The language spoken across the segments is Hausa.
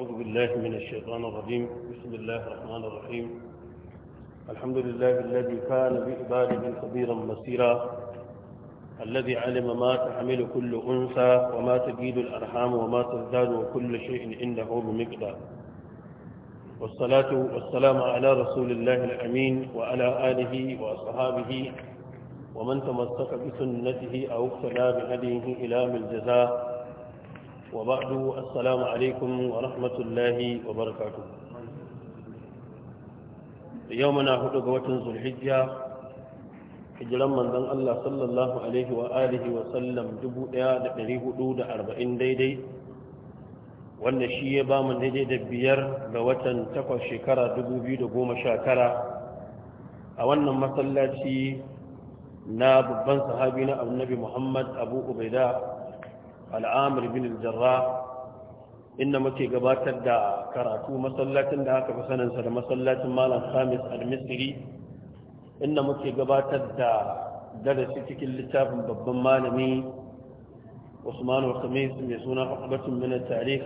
أعوذ بالله من الشيطان الرجيم بسم الله الرحمن الرحيم الحمد لله الذي كان بإباده خبيرا مسيرا الذي علم ما تحمل كل أنثى وما تجيد الأرحام وما تزداد وكل شيء عنده بمقدار والصلاة والسلام على رسول الله الأمين وعلى آله وأصحابه ومن تمسك بسنته أو اقتنى بهديه إلى من جزاه وبعد السلام عليكم ورحمة الله وبركاته يومنا هدو قوتن ذو الحجة hijiran manzon Allah sallallahu alaihi wa alihi wa sallam 1440 daidai wanda shi ya ba mu daidai da biyar ga watan takwas shekara 2019 a wannan masallaci na babban sahabi na annabi Muhammad Abu Ubaida al'amur bin jarra inda muke gabatar da karatu masallacin da aka fi saninsa da masallacin malam khamis al-misri inda muke gabatar da darasi cikin littafin babban malami usman al-khamis mai suna hukumatun min tarikh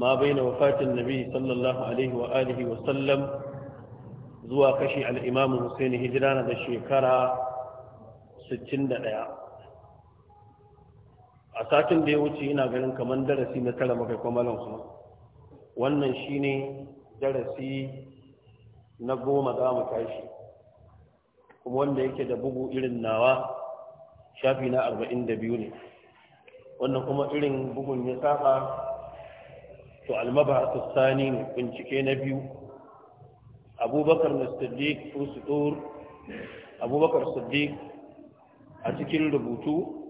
ma baina wafatin nabi sallallahu alaihi wa alihi wa sallam zuwa kashi al-imam husaini hijira da shekara 61 a satin da ya wuce ina ganin kamar darasi na tara makai kwamalan su wannan shine darasi na goma za mu tashi kuma wanda yake da bugu irin nawa shafi na arba'in da biyu ne wannan kuma irin bugun ya saba to almaba sani ne bincike na biyu abubakar na siddiq abubakar siddiq a cikin rubutu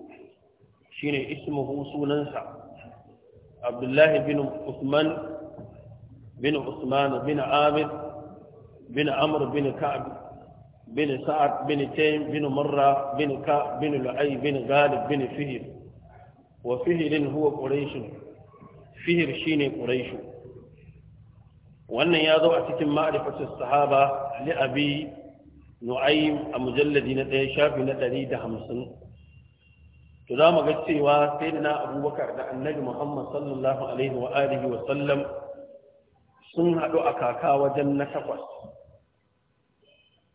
Shi shine ismuhu sunansa Abdullahi bin Usman bin Usman bin Amir bin Amr bin Ka'ab bin Sa'ad bin Taym bin Marra bin Ka'ab bin Lu'ay bin Galib, bin Fihir. wa fihirin huwa Quraysh Fihr shine Quraysh wannan ya zo a cikin ma'rifatus sahaba li abi Nu'aym a mujalladi na ɗaya shafi na ɗari da hamsin to za mu ga cewa sai na abubakar da annabi muhammad sallallahu alaihi wa alihi wa sallam sun haɗu a kaka wajen na takwas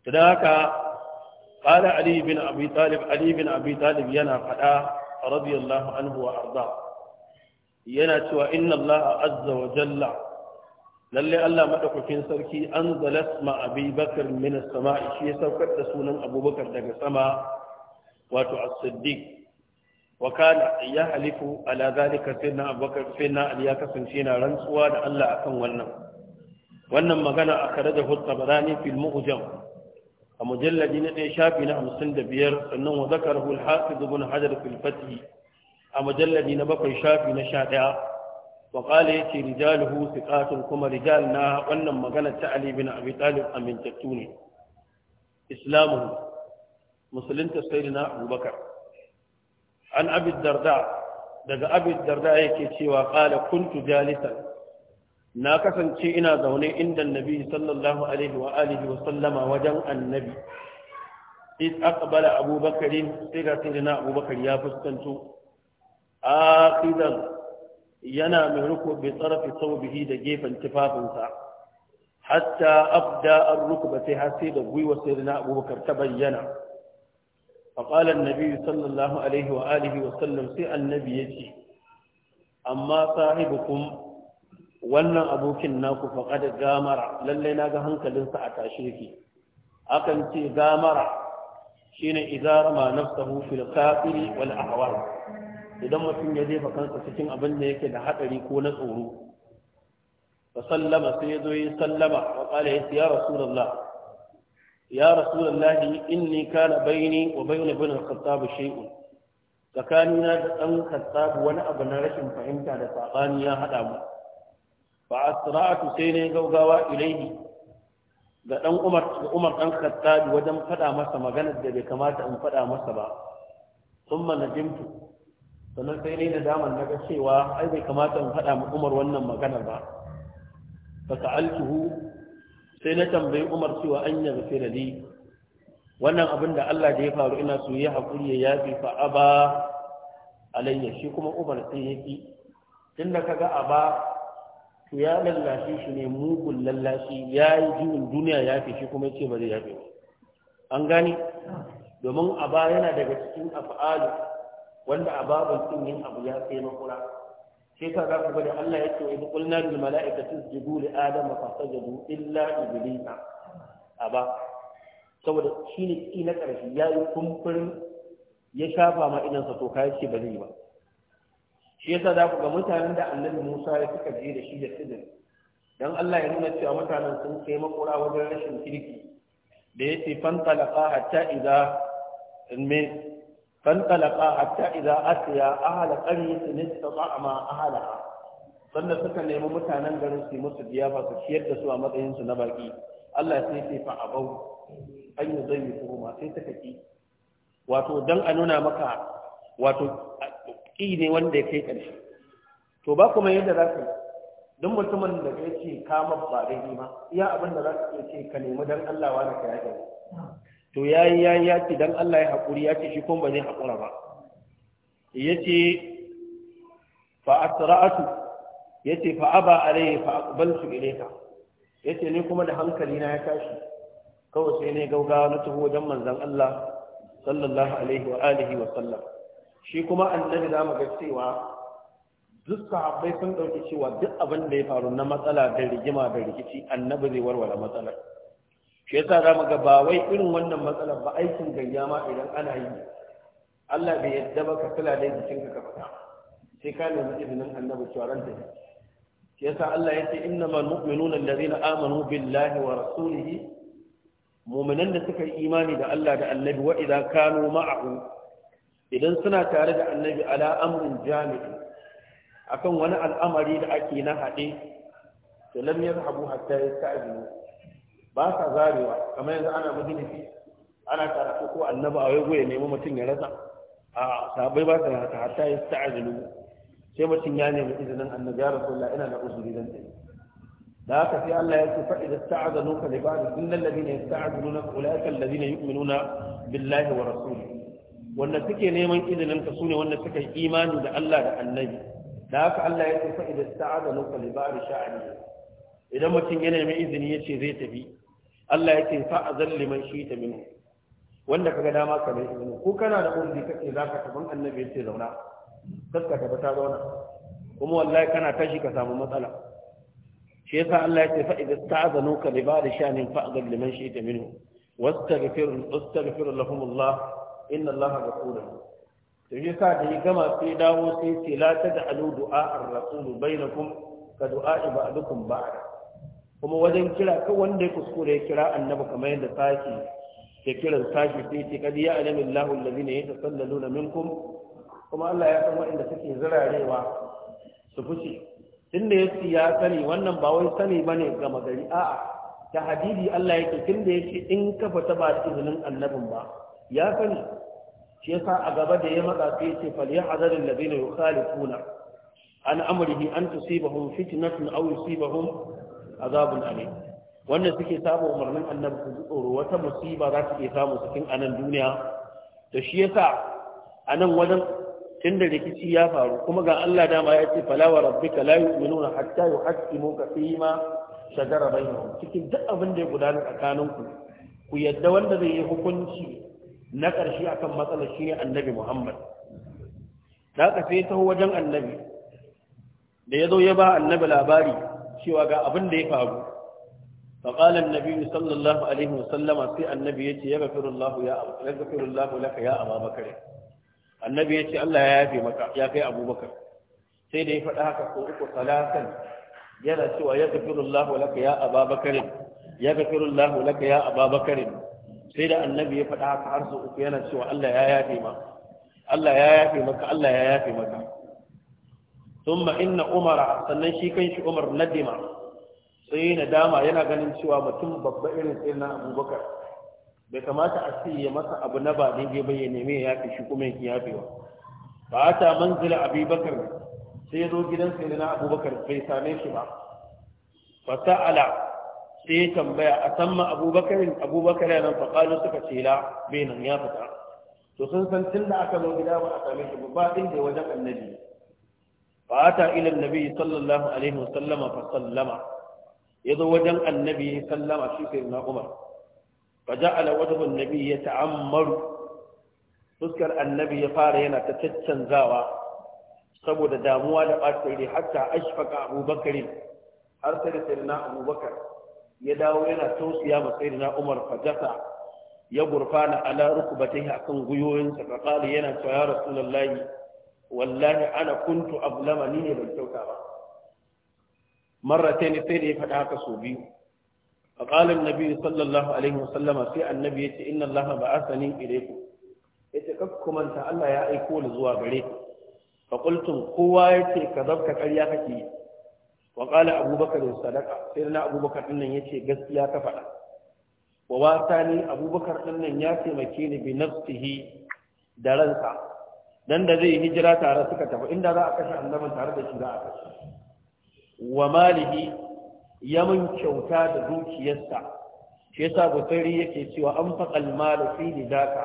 to da haka qala ali bin abi talib ali bin abi talib yana faɗa radiyallahu anhu wa arda yana cewa inna allah azza wa jalla lalle allah madaukakin sarki anzala ma abi bakr min as-sama'i shi ya saukar da sunan abubakar daga sama wato as-siddiq wa kana ya halifu ala zalika sayyidina abubakar sayyidina ali ya kasance na rantsuwa da Allah akan wannan wannan magana a karaja hutabarani fil mu'jam a mujalladi na ɗaya shafi na hamsin da biyar sannan wa zakarahu al-hafiz ibn hajar fil fath a mujalladi na bakwai shafi na sha ɗaya wa qala yace rijaluhu thiqatun kuma rijal na wannan magana ta ali bin abi talib amintattu ne islamu musulunta sayyidina abubakar an abin darda daga abin darda yake cewa qala kuntu jalisan na kasance ina zaune inda annabi sallallahu alaihi wa alihi wa sallama wajen annabi Is aqbala abubakar sai ga na abubakar ya fuskanto aqidan yana mai ruku bi tsarafi saubihi da gefen tufafinsa hatta abda an ruku ba sai har sai da gwiwa sai da abubakar ta bayyana فقال النبي صلى الله عليه وآله وسلم سي النبي يجي أما صاحبكم wannan abokin naku da gamara lallai na ga hankalinsa a tashe ki akan ce gamara shine idza rama nafsahu fil kafiri wal ahwal idan mutum ya jefa kansa cikin abin da yake da haɗari ko na tsoro fa sallama sai yazo yi sallama wa qala ya rasulullah ya in ni kana baini wa baina ibn al-khattab shay'un tsakanina da ɗan khattab wani abu na rashin fahimta da sabani ya haɗa mu fa asra'tu sai ne gaugawa ilaihi ga Ɗan umar ga umar wajen faɗa masa maganar da bai kamata in faɗa masa ba thumma jimtu. sannan sai ne da daman naga cewa ai bai kamata in faɗa ma umar wannan maganar ba fa sai na tambayi umar cewa an yi gafira ne wannan abin da Allah da ya faru ina so ya haƙuri ya yafi fa aba alayya shi kuma umar sai ya ki tunda kaga aba to ya lallashi shi ne mugun lallashi ya yi jiwon duniya ya fi shi kuma ya ce ba zai yafe an gani domin aba yana daga cikin af'alu wanda a babin yin abu ya kai makura shi za ku Allah ya ce wa qulna lil mala'ikati isjudu li adama fasajadu illa iblisa aba saboda shine ki na karshe ya yi kumfurin ya shafa ma idan sa to kai ce ba zai ba shi yasa za ku ga mutanen da Annabi Musa ya suka je da shi da sidin dan Allah ya nuna cewa mutanen sun kai makura wajen rashin kirki da yace fantalaqa hatta idza min فانطلقا حتى إذا أتيا أهل قرية استطعما أهلها sannan suka nemi mutanen garin su musu diyafa su ciyar da su a matsayin su na baki Allah sai sai fa abau an yi zai yi kuma sai suka ki wato dan a nuna maka wato ki ne wanda ya kai ƙarshe to ba kuma yadda za ka yi don mutumin da ya ce kama ba daidai ma iya abin da za ka iya ce ka nemi dan Allah wani ka yaƙi to yayi yayi ya ce dan Allah ya hakuri ya ce shi kuma ba zai hakura ba yace fa asra'atu yace fa aba alayhi fa aqbaltu ilayka yace ni kuma da hankali na ya tashi kawai sai ne gaugawa na taho wajen manzon Allah sallallahu alaihi wa alihi wa sallam shi kuma annabi zamu ga cewa duk sahabbai sun ɗauki cewa duk abin da ya faru na matsala da rigima da rikici annabi zai warware matsalar shi yasa za mu ga ba wai irin wannan matsalar ba aikin gayya ma idan ana yi Allah bai yadda ba ka kula da jikinka ka fita sai ka nemi izinin annabi cewa ran ta shi yasa Allah ya ce innamal mu'minuna allazina amanu billahi wa rasulihi mu'minan da suka yi imani da Allah da annabi wa idza kanu ma'ahu idan suna tare da annabi ala amrin jami'i akan wani al'amari da ake na haɗe to lam yazhabu hatta yasta'dinu ba sa zarewa kamar yanzu ana majalisi ana karatu ko annaba a waigo ya nemi mutum ya rasa a sabai ba sa haka hatta ya sta'ajilu sai mutum ya nemi izinin annabi ya rasulullah ina da uzuri dan tsaye da haka sai Allah ya ce fa idza sta'azanuka li ba'd innal ladina yasta'azununa ulaika alladhina yu'minuna billahi wa rasulihi wanda suke neman izinin ka sune wanda suka yi imani da Allah da annabi da haka Allah ya ce fa idza sta'azanuka li ba'd sha'ani idan mutum ya nemi izini ya ce zai tafi Allah ya ce fa a azal liman shi ta minhu wanda kaga dama ka bai minhu ko kana da umri kake zaka tafi annabi yace zauna kaska ka ta zauna kuma wallahi kana tashi ka samu matsala shi yasa Allah ce fa idza ta'azanuka li ba'd shanin fa a azal liman shi ta minhu wastaghfir wastaghfir lahum Allah inna Allah ghafurun to shi yasa da ya gama sai dawo sai ce la tad'alu du'a ar-rasul bainakum ka du'a ibadukum ba'da kuma wajen kira kan wanda ya kuskure ya kira annabi kamar yadda sashi ke kiran sashi sai ce kadi ya alamin Allahu allazina yatasallaluna minkum kuma Allah ya san waɗanda suke zirarewa su fushi tunda yace ya sani wannan ba wai sani bane ga magari a'a ta hadidi Allah yake tunda yake in ka fita ba izinin annabin ba ya sani shi yasa a gaba da ya matsa sai yace falyahzar allazina yukhalifuna an amrihi an tusibahum fitnatun aw yusibahum azabun alim wanda suke saba umarnin annabi su tsoro wata musiba za su iya samu cikin anan duniya Da shi yasa anan wajen da rikici ya faru kuma ga Allah dama ya ce fala wa rabbika la yu'minuna hatta yuhaqqimuka fima shajara bainahum cikin duk abin da ya gudana tsakaninku ku yadda wanda zai yi hukunci na ƙarshe akan matsalar shi ne annabi Muhammad da ka sai wajen annabi da ya zo ya ba annabi labari cewa ga abin da ya faru faƙalar nabi sallallahu alaihi wasallama sai annabi ya ce ya gafirullahu laka ya ababakar annabi ya ce Allah ya yafe maka ya kai abubakar sai da ya faɗa haka ko uku talatin, yana cewa ya gafirullahu laka ya ababakar ya gafirullahu laka ya ababakar sai da annabi ya faɗa haka har sau uku yana cewa Allah ya yafe maka Allah ya yafe maka Allah ya yafe maka thumma inna umara sannan shi kanshi umar nadima sai na dama yana ganin cewa mutum babba irin sai na abubakar bai kamata a ce ya masa abu na ba daidai ba ya neme ya yafe shi kuma ya yafe Ba ba ta manzila abubakar sai ya zo gidan sai na abubakar bai same shi ba fasa'ala sai tambaya a samma abubakarin abubakar yana faƙalo suka ce la bai nan ya fita to sun san tun da aka zo gida ba a same shi ba ba inda wajen annabi fata ila annabi sallallahu alaihi wasallama fa sallama yazo wajen annabi sallama shi sai na umar fa ja'ala wajhu annabi yata'ammaru fuskar annabi ya fara yana ta caccanzawa saboda damuwa da ɓacin rai hatta ashfaka abubakar har sai da sayyidina abubakar ya dawo yana tausiya ma sayyidina umar fajasa ya gurfana ala rukbatayhi akan guyoyinsa fa qala yana cewa ya rasulullahi wallahi ana kuntu ablama ni ne ban kyauta ba marratayn sai da ya faɗa haka so biyu فقال النبي صلى الله عليه وسلم في النبي إن الله بعثني إليكم يتكفكم أنت ألا يا أيكول زوا غريك فقلتم قوة كذبك كرياكك وقال أبو بكر صدق سيدنا أبو بكر إن يتي قسيا كفعل وواتاني أبو بكر إن ياتي مكين بنفسه درنسا dan da zai hijira tare suka tafi inda za a kashe annabin tare da shi za a kashe wa malihi ya mun kyauta da dukiyarsa shi yasa bukhari yake cewa an faqal malu fi lidaka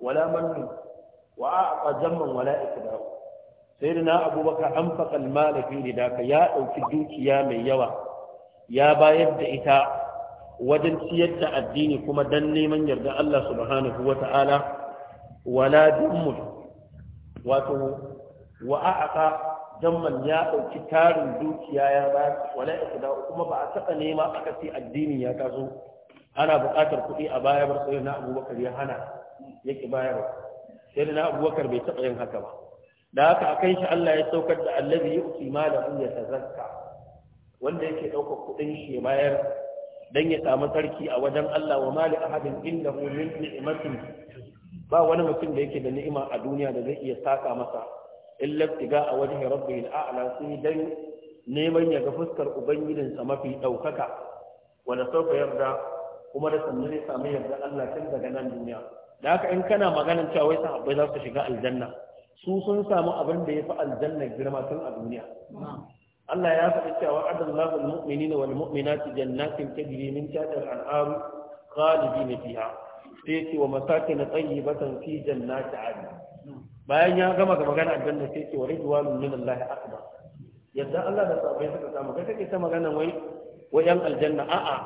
wala man wa aqa zamman wala ikda sayyidina abubakar an faqal malu fi lidaka ya dauki dukiya mai yawa ya bayar da ita wajen ciyar da addini kuma dan neman yarda Allah subhanahu Ta'ala, wala dummul wato wa a'aqa jamman ya ɗauki tarin dukiya ya ba wala ikda kuma ba a saka nema aka ce addini ya taso ana buƙatar kuɗi a baya bar sai na Abubakar ya hana yake bayarwa sai na Abubakar bai taɓa yin haka ba da haka a kan shi Allah ya saukar da allazi yu'ti ya yatazakka wanda yake ɗaukar kuɗin shi bayar dan ya samu sarki a wajen Allah wa mali ahadin innahu min ni'matin ba wani mutum da yake da ni'ima a duniya da zai iya saka masa illa tiga a wajhi rabbihil a'la sai dan neman ya ga fuskar ubangijinsa mafi daukaka wanda sauka yarda kuma da sannan zai samu yarda Allah tun daga nan duniya da haka in kana maganin cewa wai sahabbai za su shiga aljanna su sun samu abin da ya fi aljanna girma tun a duniya Allah ya faɗi cewa adallahu almu'minina wal mu'minati jannatin tajri min tahtiha al-anhar khalidina fiha sai yace wa masakin tayyibatan fi jannati adn bayan ya gama ga magana aljanna sai yace wa ridwanun min Allah akbar yadda Allah da sabai suka samu kai kake ta magana wai wayan aljanna a'a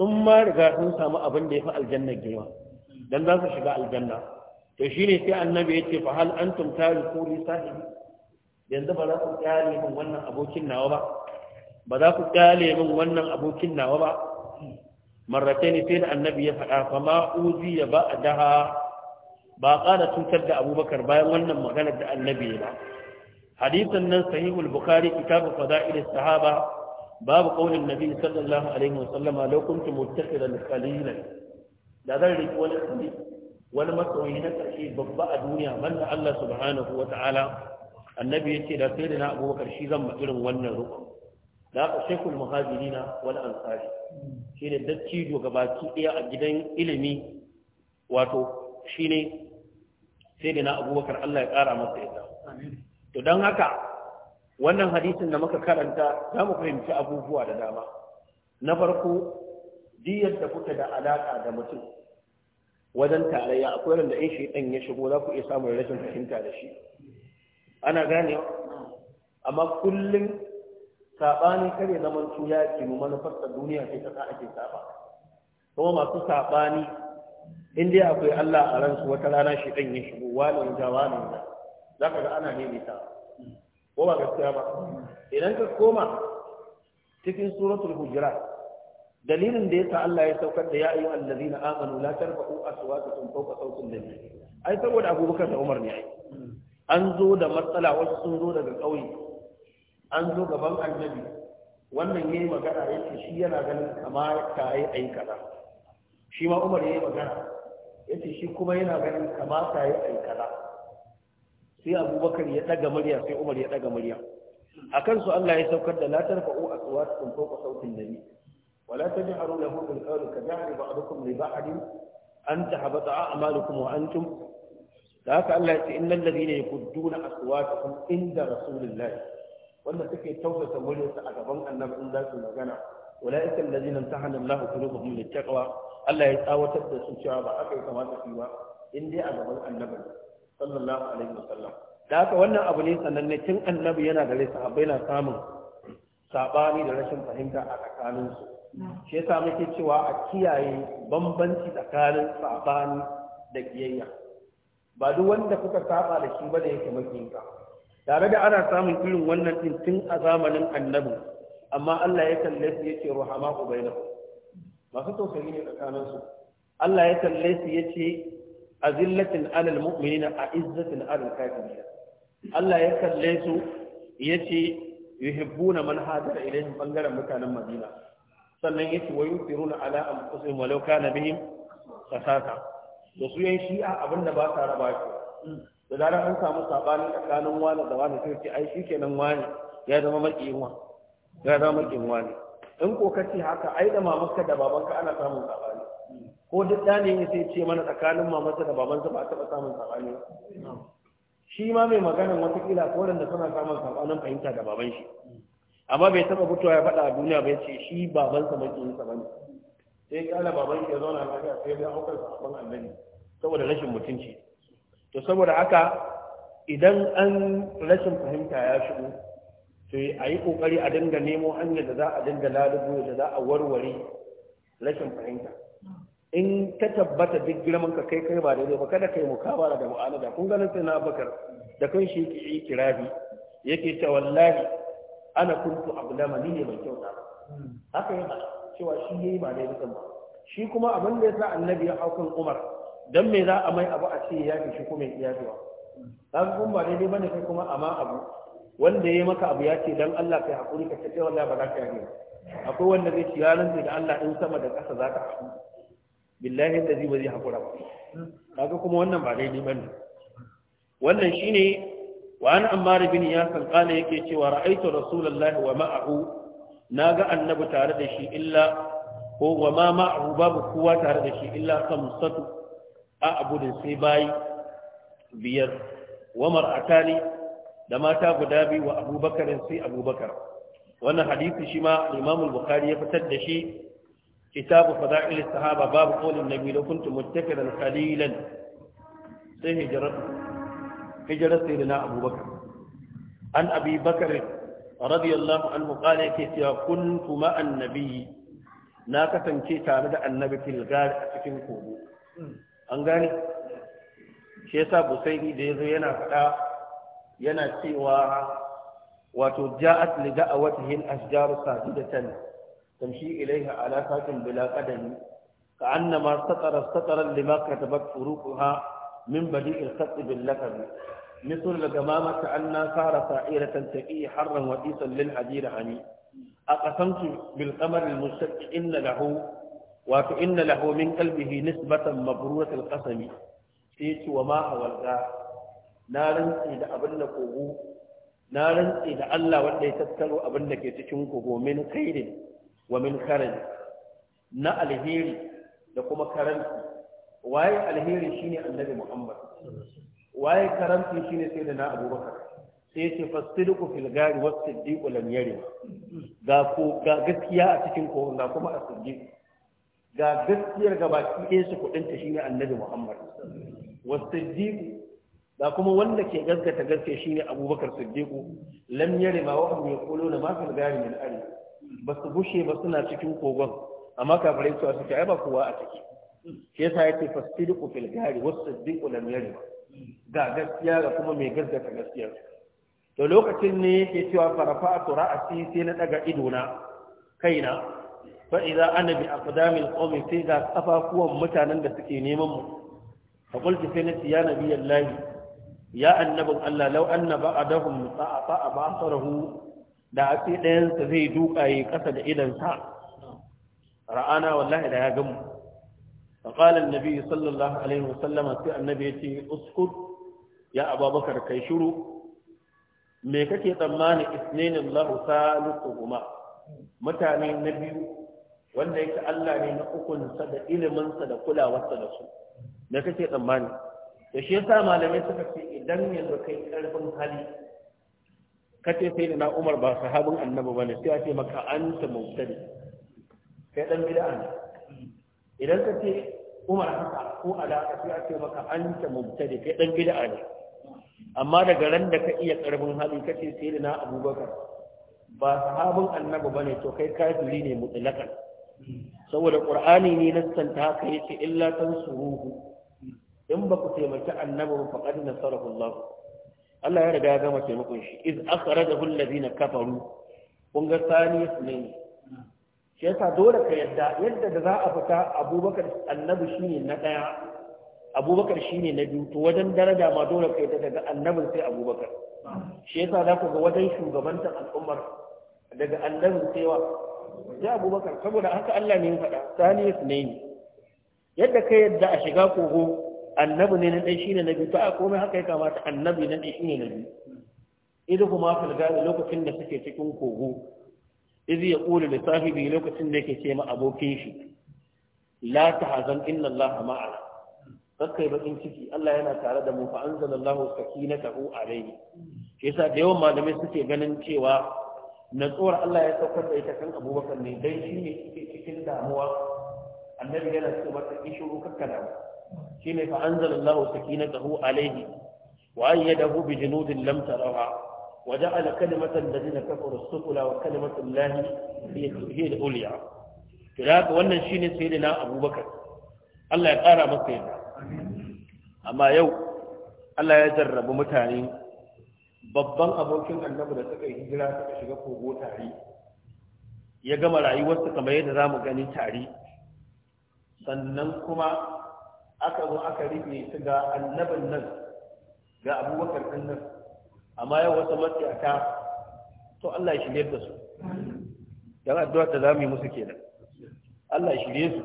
sun ma riga sun samu abin da yafi aljanna girma dan za su shiga aljanna to shine sai annabi yace fa hal antum tariku li sahibi yanzu ba za ku kyale min wannan abokin nawa ba ba za ku kyale min wannan abokin nawa ba marrataini sai da annabi ya faɗa fama uzi ya ba daha ba ƙara cutar da abubakar bayan wannan maganar da annabi ya ba hadisin nan sahihul bukari kitabu fada'il sahaba babu qaulin nabi sallallahu alaihi wasallama law kuntu muttakhiran qalilan da zan riki wani kali wani masoyi na ƙarshe babba a duniya banda Allah subhanahu ta'ala annabi ce da sai da na abubakar shi zan ma irin wannan rukun da aka shekul na wani ansari shi ne dattijo baki ɗaya a gidan ilimi wato shi ne sai da na abubakar Allah ya ƙara masa yadda to don haka wannan hadisin da muka karanta za mu fahimci abubuwa da dama na farko diyar da kuka da alaƙa da mutum wajen tarayya akwai wanda in ɗan ya shigo za ku iya samun rashin fahimta da shi ana gane. amma kullum saɓani kare zaman ya ke mu manufarsa duniya sai ta sa ake saba kuma masu saɓani in dai akwai Allah a ransu wata rana shi ɗan ya shigo wani ja wani ja za ka ga ana nemi ta, ko ba gaskiya ba idan ka koma cikin suratul hujurat dalilin da yasa Allah ya saukar da ya ayyu allazina amanu la tarfa'u aswatakum fawqa sawtin nabi ai saboda Abubakar da Umar ne ai an zo da matsala wasu sun zo daga ƙauye. an zo gaban annabi wannan ya yi magana ya ce shi yana ganin kama ta yi aikata shi ma umar ya yi magana ya ce shi kuma yana ganin kama ta yi aikata sai abubakar ya ɗaga murya sai umar ya ɗaga murya a kansu allah ya saukar da latar fa'o a tsuwa cikin fauka sautin da ni. wala ta jiharu da hukun kawai ka jihar ba'adukum li ba'adin an ta habata a amalukum wa antum da haka allah ya ce in ne innal ladina yakudduna aswatahum inda rasulillahi wanda suke tausasa muryarsa a gaban annabi in za su magana ulaika allazina tahana Allah qulubuhum littaqwa Allah ya tsawatar da su cewa ba aka yi kamata su ba in dai a gaban annabi sallallahu alaihi wasallam da haka wannan abu ne sananne tun annabi yana da rai sahabbai na samun sabani da rashin fahimta a tsakaninsu shi yasa muke cewa a kiyaye bambanci tsakanin sabani da kiyayya ba duk wanda kuka saba da shi ba da yake makinka tare da ana samun irin wannan din tun a zamanin annabi amma Allah ya kalle su yace ruhama ubaina masu tausayi ne tsakanin su Allah ya kalle su yace azillatin alal mu'minina a'izzatin alal kafirin Allah ya kalle su yace yuhibbuna man hadara ilaihim bangaren mutanen Madina sannan yace wa yusiruna ala anfusihim walau kana bihim kasata da su yan shi'a abinda ba sa raba shi da zarar an samu sabanin tsakanin wani da wani sai ce ai shikenan wani ya zama makiyin ya zama makiyin ne. in ko ka ce haka ai da mamanka da babanka ana samun sabani ko duk da ne sai ce mana tsakanin mamanka da babanka ba a taɓa samun sabani ba shi ma mai wata kila ko da suna samun sabanin fahimta da baban shi amma bai taɓa fitowa ya faɗa a duniya bai ce shi babansa makiyinsa ba ne sai ya kyala baban shi ya zauna lafiya sai ya bi sabon annabi saboda rashin mutunci to saboda haka idan an rashin fahimta ya shigo to a yi kokari a dinga nemo hanyar da za a dinga lalubo da za a warware rashin fahimta in ta tabbata duk girman ka kai kai ba daidai ba kada kai mukabara da mu'anada kun ganin sai na bakar da kan shi yake yi kirabi yake ta wallahi ana kuntu abdama ni ne mai kyauta haka yana cewa shi yayi ba daidai ba shi kuma abin da ya yasa annabi ya hau kan umar Don me za a mai abu a ce ya fi shi kuma ya fi wa kun ba daidai bane kai kuma amma abu wanda ya maka abu ya ce dan Allah kai hakuri ka ce wallahi ba za ka yi akwai wanda zai ci yaran da Allah in sama da ƙasa za ka haku billahi da zai ba zai hakura ba kaga kuma wannan ba daidai bane wannan shine wa an ammar bin yasan kana yake cewa ra'aytu rasulullahi wa ma'ahu naga annabi tare da shi illa ko wa ma ma'ahu babu kowa tare da shi illa kamsatu a abudin sai bayi biyar wa mar'atani da mata guda biyu wa abubakarin sai abubakar wannan hadisi shi ma imam bukhari ya fitar da shi kitabu fada'il sahaba babu qawlin nabi law kuntum muttakilan qalilan sai hijrat hijrat sayyidina abubakar an abi bakar radiyallahu anhu qala yake cewa kuntu ma'an nabiyyi na kasance tare da annabi fil a cikin kogo an gani shi yasa busaini da ya zo yana fada yana cewa wato ja'at li da'awatihi al-ashjar sajidatan tamshi ilayha ala fatin bila qadami ka annama ma satara satara lima katabat furuquha min badi al-khatt bil lakab misal ga mama ta anna sara sa'iratan taqi harran wa isan lil hajir ani aqasamtu bil qamar al-mustaq inna lahu wato inna lahu min qalbihi nisbatan mabrurat qasami sai ce wa ma hawalga na rantsi da abin da kogo na rantsi da Allah wanda ya tattaro abin da ke cikin kogo min khairin wa min karin na alheri da kuma karanci waye alheri shine annabi Muhammad waye karanci shine sai da na Abubakar sai ce fasidku fil gari was siddiqu lam yari ga ko ga gaskiya a cikin kogo ga kuma as-siddiq ga gaskiyar ga baki ɗaya su shi shine annabi muhammad wasiddiqu da kuma wanda ke gaskata gaske shine abubakar siddiq lam yare ma wa ya kulo na fil gari min ari ba su bushe ba suna cikin kogon amma kafirai su suke ai ba kowa a ciki shi yasa yake fasiddiqu fil gari wasiddiqu lam yari ga gaskiya ga kuma mai gaskata gaskiya to lokacin ne yake cewa farafa'atu ra'asi sai na daga idona kaina fa idza ana bi aqdamil qawmi sai ga kafafuwan mutanen da suke neman mu fa qultu sai nace ya nabiyallahi ya annabin Allah law anna ba'dahum sa'a ba'sarahu da a ce dayan sa zai dukaye kasa da idan sa ra'ana wallahi da ya gamu fa qala annabi sallallahu alaihi wasallam sai annabi ya ce uskur. ya ababakar kai shiru me kake tsammani isnain Allah salisuhuma mutane na biyu wanda yake Allah ne na hukunsa da iliminsa da kulawarsa da su da kake tsammani da shi yasa malamai suka ce idan yanzu kai karfin hali kace sai da na Umar ba sahabin annabi bane sai a ce maka anta mubtadi kai dan bid'a ne idan ka ce Umar haka ko alaka sai a ce maka anta mubtadi kai dan bid'a ne amma daga ran da ka iya karfin hali kace sai da na Abubakar ba sahabin annabi bane to kai kafiri ne mutlaqan saboda qur'ani ne nassanta haka yace illa tansuruhu in ba ku taimaki annabi ba faqad nasarahu Allah Allah ya riga ya gama taimakon shi iz akhrajahu alladhina kafaru kun ga sani ne shi yasa dole ka yadda yadda da za a fita Abubakar annabi shine na daya Abubakar shine na biyu to wajen daraja ma dole ka yadda daga annabin sai Abubakar shi yasa za ku ga wajen shugabantar al'ummar daga annabin sai wa ya abubakar saboda haka Allah ne ya faɗa sani ne yadda ka yadda a shiga kogo annabi ne na ɗai shine na biyu to a komai haka ya kamata annabi na ɗai shine na biyu idan kuma fil gari lokacin da suke cikin kogo izi ya ƙuli da sahibi lokacin da yake ce ma abokin shi la ta hazan inna Allah ma'ana kakkai bakin ciki Allah yana tare da mu fa anzalallahu sakinatahu alayhi yasa da yawan malamai suke ganin cewa natsuwar Allah ya saukar da ita kan abubakar ne dan shi ne cikin damuwa annabi yana ce mata ki shuru kakka damu shi ne fa anzalallahu sakinatahu alaihi wa ayyadahu bi junudin lam tarawha wa ja'ala kalimatan ladina kafaru sufula wa kalimatu llahi hiya da ulya to da wannan shi ne shine na abubakar Allah ya kara masa yadda amma yau Allah ya jarrabu mutane babban abokin annabi da suka yi hijira suka shiga kogo tare ya gama rayuwarsa kamar yadda za mu gani tare sannan kuma aka zo aka rike su ga annabin nan ga abubakar ɗin nan amma yau wasu matsiyata to Allah ya shirye da su yan addu'a da za mu yi musu kenan Allah ya shirye su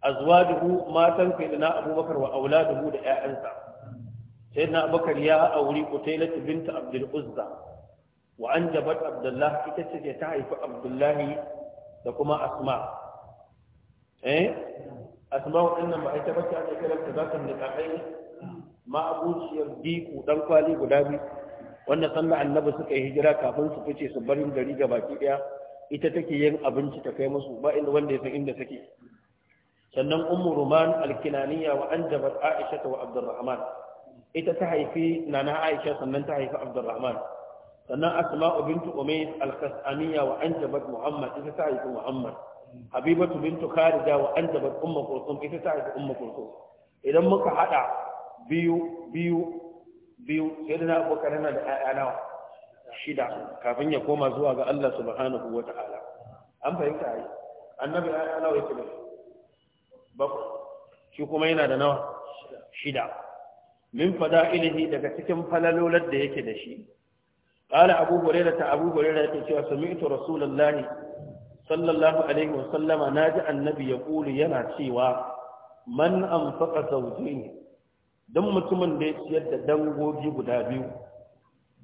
azwajuhu matan kai da na abubakar wa auladuhu da 'ya'yansa sai na ya auri kutailat binta abdul uzza wa an jabat abdullah ita ce ta haifi abdullahi da kuma asma eh asma wannan ba ita bace ake kiranta zakan da kakai ma abuciyar biku dan kwali guda biyu wanda sallah annabi suka yi hijira kafin su fice su barin gari ga baki daya ita take yin abinci ta kai musu ba inda wanda ya san inda take sannan ummu ruman alkinaniya wa anjabat aisha wa abdurrahman ita ta haifi nana Aisha sannan ta haifi Abdurrahman sannan Asma'u bintu Umays al-Qas'amiyya wa anjabat Muhammad ita ta haifi Muhammad Habibatu bintu Kharija wa anjabat Ummu Kulsum ita ta haifi Ummu Kulsum idan muka hada biyu biyu biyu sai da na abokan yana da ƴaƴana shida kafin ya koma zuwa ga Allah subhanahu wa ta'ala an fahimta ai annabi ƴaƴa nawa yake da bakwai shi kuma yana da nawa shida min ilimi daga cikin falalolar da yake da shi qala abu hurairah abu hurairah yake cewa sami'tu rasulullahi sallallahu alaihi wasallama ji annabi ya kuli yana cewa man anfaqa zawjayn dan mutumin da ya ciyar da dangogi guda biyu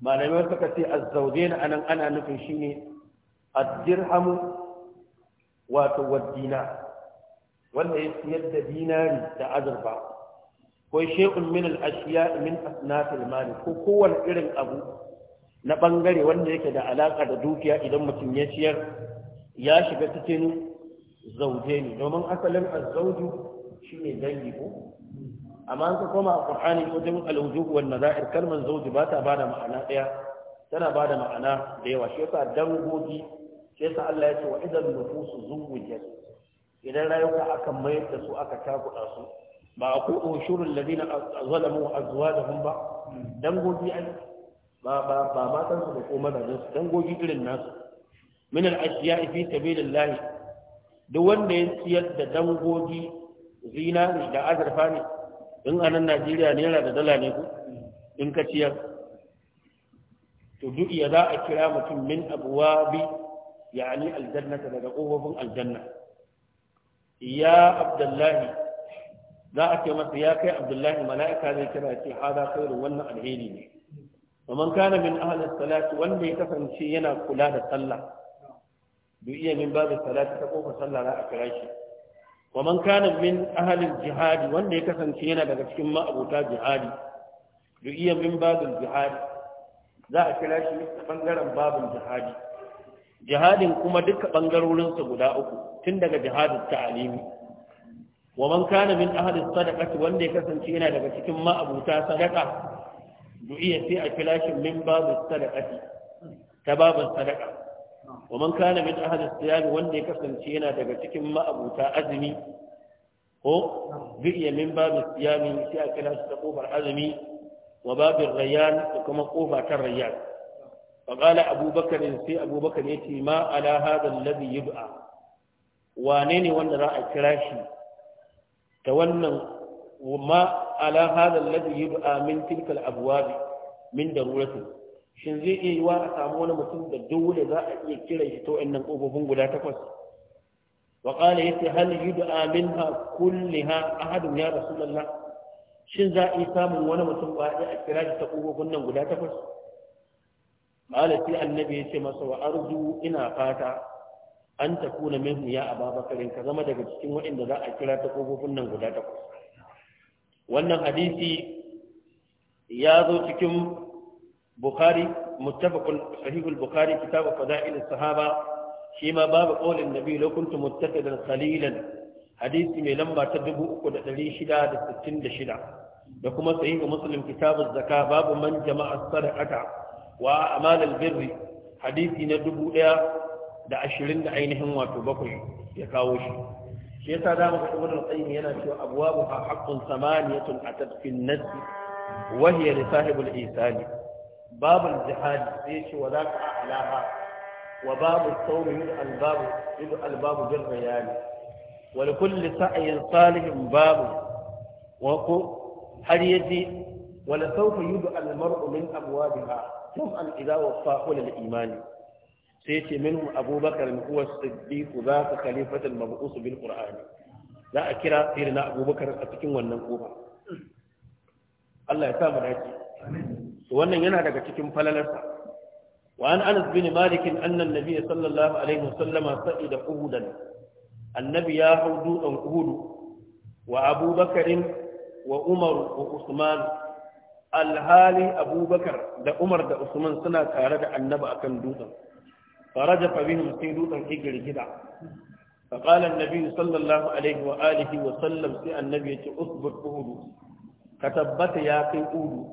malamai ka ce az-zawjayn anan ana nufin shine ad-dirham wato wad wanda ya ciyar da dinari da azurfa akwai shay'un min al min asnaf al ko kowane irin abu na bangare wanda yake da alaka da dukiya idan mutum ya ciyar ya shiga cikin zauje ne domin asalin az-zawju shine dangi ko amma an koma a qur'ani wajen al-wujuh wal nazair kalmar zawji ba ta bada ma'ana daya tana bada ma'ana da yawa shi yasa dangogi shi yasa Allah ya ce wa idan nufusu zuwujat idan rayuka aka mayar da su aka takuɗa su ba a ko a zuwa zalamu azwajahum ba dangogi ai ba ba ba matan su ko mazajen su dangogi irin nasu min ifi tabi da lahi. duk wanda ya siyar da dangogi zinari da azurfa ne in anan Najeriya naira da dala ne ku in ka ciyar to duk ya za a kira mutum min abuwa bi ya ani aljanna daga kofofin aljanna ya abdullahi za a ce masa ya kai abdullahi mala'ika zai kira ce hada kairu wannan alheri ne man kana min ahli salati wanda ya kasance yana kula da sallah duk iya min babu salati ta kofa sallah za a kira shi wa man kana min ahli jihadi wanda ya kasance yana daga cikin ma'abuta jihadi duk iya min babu jihadi za a kira shi ta bangaren babin jihadi jihadin kuma duka bangarorinsa guda uku tun daga jihadin ta'alimi wa man kana min ahli sadaqati wanda ya kasance yana daga cikin ma'abuta sadaka du'iya sai a filashin min babu sadaqati ta babu sadaqa wa man kana min ahli siyam wanda ya kasance yana daga cikin ma'abuta azumi ko du'iya min babu siyam sai a filashin ta kofar azumi wa babin rayyan da kuma kofa ta rayyan Abubakar أبو بكر سي أبو بكر يتي ما على هذا الذي wanda za a رأى shi? ta wannan ma ala hadal yi yud'a min tilkal abwab min da darurati shin zai iya yi wa a samu wani mutum da dole za a iya kira shi ta wannan kofofin guda takwas wa qala yati hal yud'a minha kulliha ahadun ya rasulullah shin za a iya samun wani mutum ba a kira shi ta kofofin nan guda takwas qala sai annabi ya ce masa wa arju ina fata an takuna kuna minhu ya ababakarin ka zama daga cikin waɗanda za a kira ta kofofin nan guda takwas wannan hadisi ya zo cikin bukhari muttafaqun sahihul bukhari kitab fada'il sahaba shi ma babu qaulin nabi law kuntum muttaqidan qalilan hadisi mai lamba ta 3666 da kuma sahih muslim kitab zaka babu man jama'a sadaqata wa amal al-birri hadisi na 1000 da ashirin da ainihin wato bakwai ya kawo shi shi yasa da muka ibn qayyim yana cewa abwabu ha haqqun samaniyatun atat fil nas wa hiya li sahibul ihsan babu jihad sai ce wa zaka alaha wa babu saurin yud albabu. babu albabu al babu bil riyal wa li kulli sa'yin salihin babu wa ku har je. wa la sawfa yud al abuwa biha? Sun ثم إذا وفاه للإيمان sai ce minhum abubakar huwa siddiq za ka khalifatul mab'us bil qur'an za a kira irin abubakar a cikin wannan kofa Allah ya sa mu dace wannan yana daga cikin falalarsa wa an anas bin malik anna an-nabiy sallallahu alaihi wasallam sa'ida uhudan annabi ya hau dutsen uhudu wa abubakar wa umar wa usman alhali abubakar da umar da usman suna tare da annabi akan dutsen فرجف بهم سيدوتا إجر جدا فقال النبي صلى الله عليه وآله وسلم في النبي أصبر أهد كتبت يا في أهد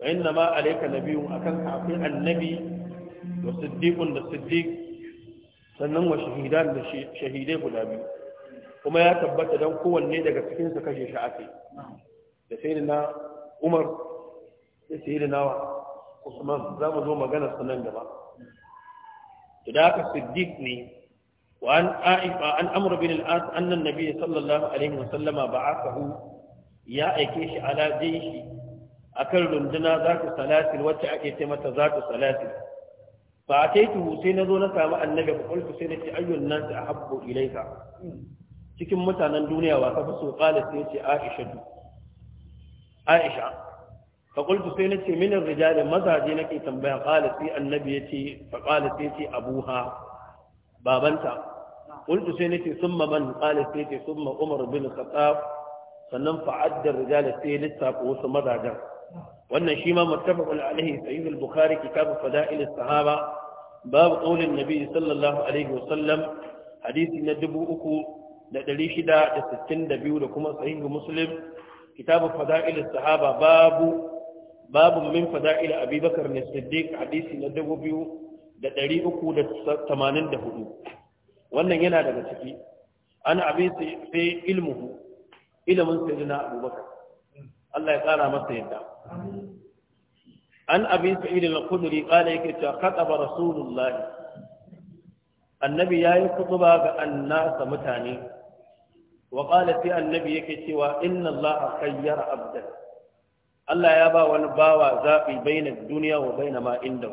وإنما عليك نبي أكن في النبي وصديق للصديق sannan wa shahidan da shahidai guda biyu kuma ya tabbata don kowanne daga cikinsa kashe shi ake da sai na umar da sai na usman za mu zo magana sanan gaba to da haka siddiq ne wa an aifa an amru bin al-as anna nabiy sallallahu alaihi wa sallama ba'athahu ya aike shi ala jayshi akan runduna zaka salati wacce ake ce mata zaka salatil fa ataitu sai nazo na samu annabi fa qultu sai nace ayyun nas ahabbu ilayka cikin mutanen duniya wa kafa so qala sai ce aisha aisha فقلت سينت من الرجال مزاجي نكي تنبيه قال سي النبي يتي فقال سي يتي أبوها بابنتا قلت سينت ثم من قال سي ثم عمر بن الخطاب sannan fa'addar rijalar sai lissafa wasu mazajen wannan shi ma muttafaqun alaihi sahih al-bukhari kitab fada'il as-sahaba babu qaulin nabi sallallahu alaihi wasallam hadisi na 3662 da kuma sahih muslim kitab fada'il sahaba babu babu min fada'il abi bakar ne siddiq hadisi na dubu biyu da ɗari uku da tamanin da hudu wannan yana daga ciki an abin sai ilmuhu ilimin sayyidina abubakar Allah ya kara masa yadda an abin sa'id al-khudri qala yake ta khataba rasulullahi annabi ya yayi kutuba ga annasa mutane wa qala sai annabi yake cewa inna allaha khayyara abdan Allah ya ba wani bawa zaɓi bai na duniya wa bai na inda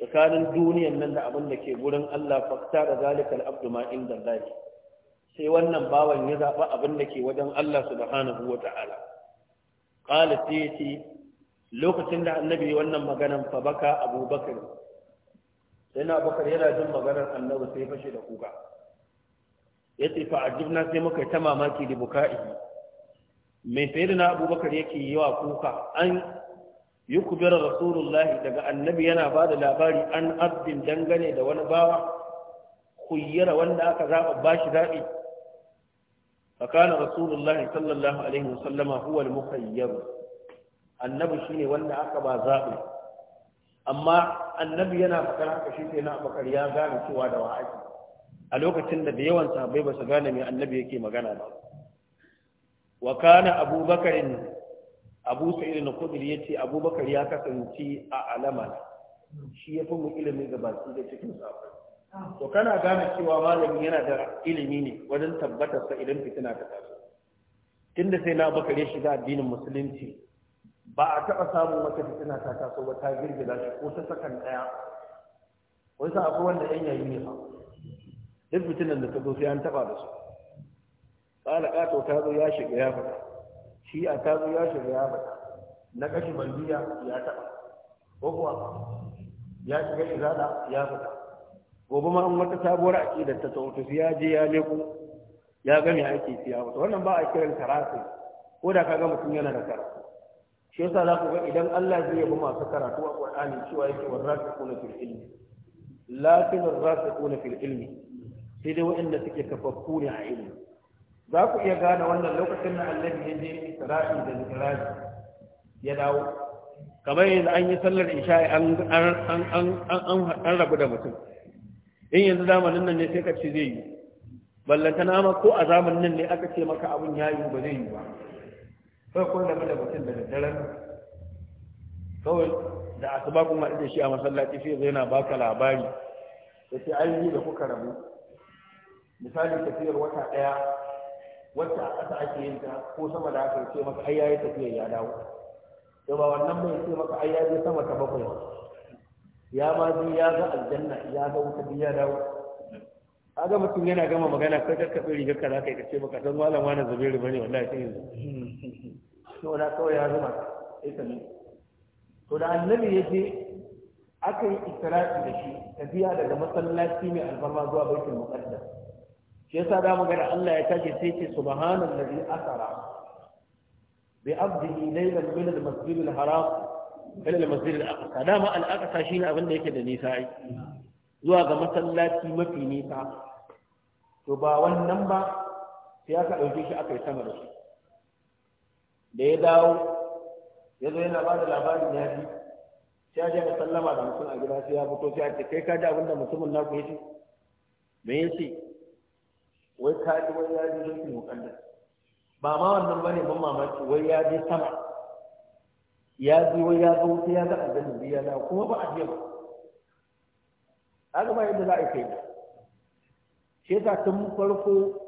tsakanin duniyan nan da abin da ke gurin Allah fakta da zalikal abdu ma inda lahi sai wannan bawan ya zaɓa abin da ke wajen Allah su subhanahu wa ta'ala qala sayyidi lokacin da annabi wannan maganan fa baka abubakar sai na bakar yana jin maganar annabi sai fashe da kuka yace fa ajibna sai muka yi ta mamaki da buka'i mai da na abubakar yake yi wa kuka an yi kubirar rasulullah daga annabi yana ba da labari an abdin dangane da wani bawa kuyyara wanda aka zaɓa ba shi zaɓi tsakanin rasulullah sallallahu alaihi wasallama huwa mukayyaru annabi ne wanda aka ba zaɓi amma annabi yana faɗar haka shi sai na abubakar ya gane cewa da wa'azi a lokacin da da yawan sahabbai ba su gane mai annabi yake magana ba wa kana abubakarin abu sa'id na kudur ya ce abubakar ya kasance a alama shi ya fi mu ilimi ga baki da cikin safai to kana gane cewa malami yana da ilimi ne wajen tabbatar sa idan fitina ta taso tunda sai na bakar ya shiga addinin musulunci ba a taɓa samun wata fitina ta taso ba ta girgiza shi ko ta sakan ɗaya wani sa akwai wanda yan yayi ne duk fitinan da ta zo sai an taɓa da su tsalakato ta zo ya shiga ya fita shi'a ta zo ya shiga ya fita na kashi bandiya ya taɓa ko kuwa ya shiga izada ya fita gobe ma an wata sabuwar aƙidar ta tsawo ya je ya leku ya gami aiki siya wata wannan ba a kiran karatu ko da ka ga mutum yana da karatu shi yasa za ku ga idan Allah zai yabi masu karatu a Qur'ani cewa yake warrasikuna fil ilmi lakin warrasikuna fil ilmi sai dai waɗanda suke kafaffu ne a ilmi za ku iya gane wannan lokacin na annabi ya je isra'i da isra'i ya dawo kamar yanzu an yi sallar isha an an rabu da mutum in yanzu zamanin nan ne sai ka ce zai yi ballanta nama ko a zamanin nan ne aka ce maka abin ya yi ba zai yi ba sai kun rabu da mutum da daddaren kawai da asuba kuma da shi a masallaci sai zai na baka labari da ce ni da kuka rabu misali tafiyar wata ɗaya wacce a ƙasa ake yin ta ko sama da haka ce maka ai yayi tafiya ya dawo to ba wannan mai ce maka ai yayi sama ta bakwai ya ma ji ya ga aljanna ya ga wuta ya dawo kaga mutum yana gama magana kai ka kabe rigar ka zaka yi ce maka dan malam wani zubairu bane wallahi sai yanzu to na kawai ya zama ita ne to da annabi yake aka yi isra'i da shi tafiya daga masallaci mai alfarma zuwa baitul muqaddas shi yasa da magana Allah ya tashi sai ce subhanallazi asara bi abdihi laylan min al-masjid al-haram ila al-masjid al-aqsa dama al-aqsa shine abin da yake da nisa ai zuwa ga masallaci mafi nisa to ba wannan ba sai aka dauke shi aka yi sama da shi da ya dawo ya zo yana ba da labarin ya ji sai ya ga sallama da mutum a gida sai ya fito sai ya ce kai ka ji abin da mutumin naku ya ce me ya wai ka ji wai ya ji shi mukallas ba ma wannan bane ban mamaki wai ya ji sama ya ji wai ya zo sai ya ga aljanna biya na kuma ba a je ba kaga ba yadda za a kai shi yasa tun farko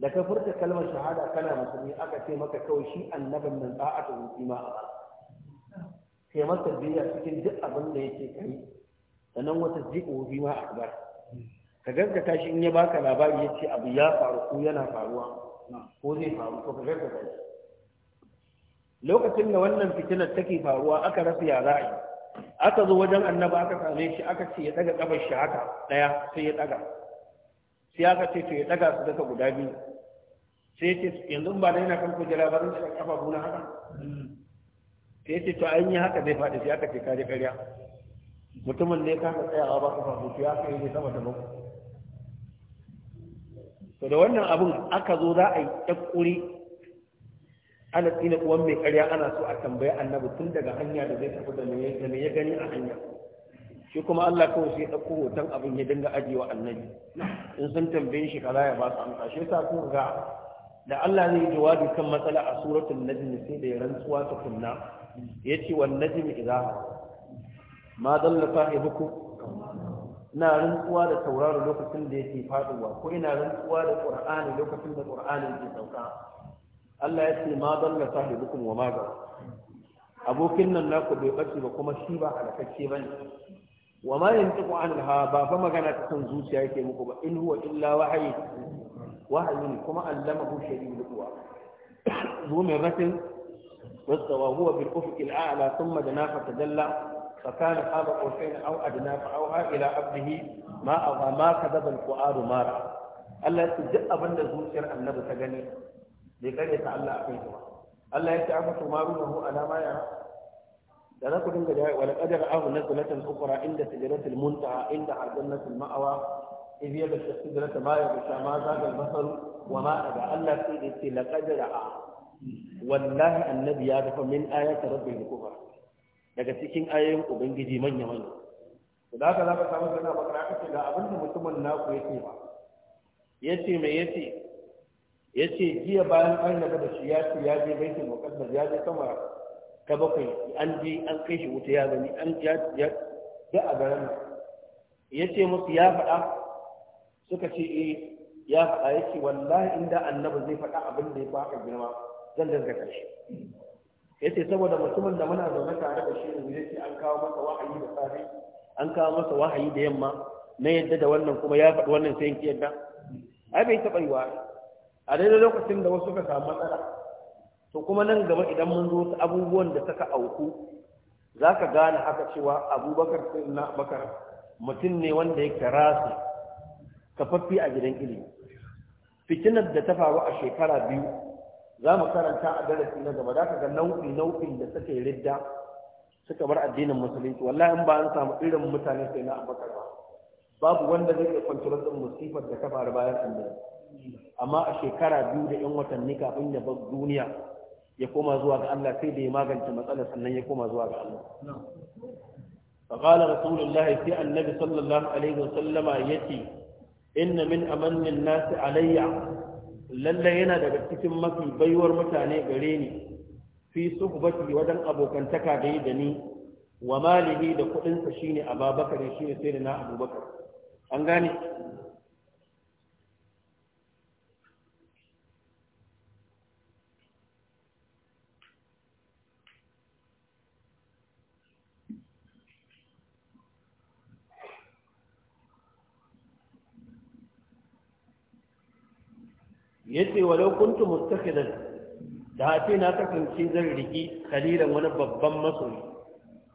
da ka furta kalmar shahada kana musulmi aka ce maka kawai shi annabin nan za a ta rufi ma a kai masa biya cikin duk abin da yake kai sannan wata jiƙo bi ma akbar ka gaskata shi in ya baka labari ya ce abu ya faru ko yana faruwa ko zai faru ko ka gaskata shi lokacin da wannan fitinar take faruwa aka rasa ya za yi aka zo wajen annaba aka same shi aka ce ya daga kafar shi haka daya sai ya daga sai aka ce to ya daga su daga guda biyu sai ya ce yanzu ba na yana kan kujera ba zan daga kafa buna haka sai ya ce to an yi haka zai faɗi sai aka ce kaje ƙarya mutumin ne ka tsayawa ba kafa to ya kai ne sama da bakwai to da wannan abin aka zo za a yi ƙuri ana tsina uwan mai ƙarya ana so a tambayi annabi tun daga hanya da zai tafi da me ya gani a hanya shi kuma Allah kawai sai ɗauko hoton abin ya dinga ajiyewa annabi in sun tambaye shi kaza ya ba su amsa shi yasa kuka ga da Allah zai jawabi kan matsala a suratul najm sai da ya rantsuwa ta kunna yace wan najm idha ma dalla sahibukum ina rantsuwa da tauraro lokacin da yake faduwa ko ina rantsuwa da qur'ani lokacin da qur'ani yake sauka Allah ya ce ma dalla sahibukum wa ma ga abokin nan naku bai bace ba kuma shi ba halakacce bane wa ma yantiqu anil hawa ba fa magana ta kan zuciya yake muku ba in huwa illa wahyi wahyi kuma allamahu shadidul quwa zu min ratin wastawa huwa bil ufuq a'la thumma dana fa tadalla فكان قاب قوسين او ادنى فاوحى الى عبده ما اوى ما كذب الفؤاد ما راى الله يتجئ ابن زوجير النبي تغني لقد تعالى اكن الله يتعب تمارونه على ما يرى da za ku dinga da wani ƙadar ahu na zulatan ukura inda sidratul muntaha inda aljannatul ma'awa idh yabsha sidrata ma yabsha ma zaga al-basar wa ma ada Allah sai da ce laqad ra'a wallahi annabi ya dafa min ayati rabbil kubra daga cikin ayoyin ubangiji manya manya to da haka zaka samu kana bakara aka ce ga abin da mutumin naku yake ba yace me yace yace jiya bayan an naba da shi ya ce ya je baitul muqaddas ya je sama ta bakwai an je an kai shi wuta ya gani an ya ya da a garin yace musu ya faɗa suka ce eh ya faɗa yace wallahi inda annabi zai faɗa abin da ya baka girma zan dangata shi yace saboda mutumin da muna zaune tare da shi ne yace an kawo masa wahayi da safe an kawo masa wahayi da yamma na yadda da wannan kuma ya faɗi wannan sai yake yadda ai bai taɓa yiwa a daidai lokacin da wasu suka samu matsala to kuma nan gaba idan mun zo wasu abubuwan da suka auku za ka gane haka cewa abubakar sai na bakar mutum ne wanda yake rasu kafaffi a gidan ilimi fitinar da ta faru a shekara biyu za mu karanta a darasi na gaba da ga nau'i nau'in da suka yi ridda suka bar addinin musulunci wallahi in ba an samu irin mutane sai na abakar ba babu wanda zai iya kwantar din musifar da ta faru bayan annabi amma a shekara biyu da yan watanni kafin ya bar duniya ya koma zuwa ga Allah sai da ya magance matsalar sannan ya koma zuwa ga Allah فقال رسول الله في النبي صلى الله عليه وسلم يتي إن من أمن الناس علي lallai yana daga cikin mafi baiwar mutane gare ni fi suhbati wajen abokantaka da yi da ni wa malihi da kuɗinsa shine ababakar shine sai na abubakar an gane yace walau kuntu mustakhidan da hafi na kasance zan riki kalilan wani babban masoyi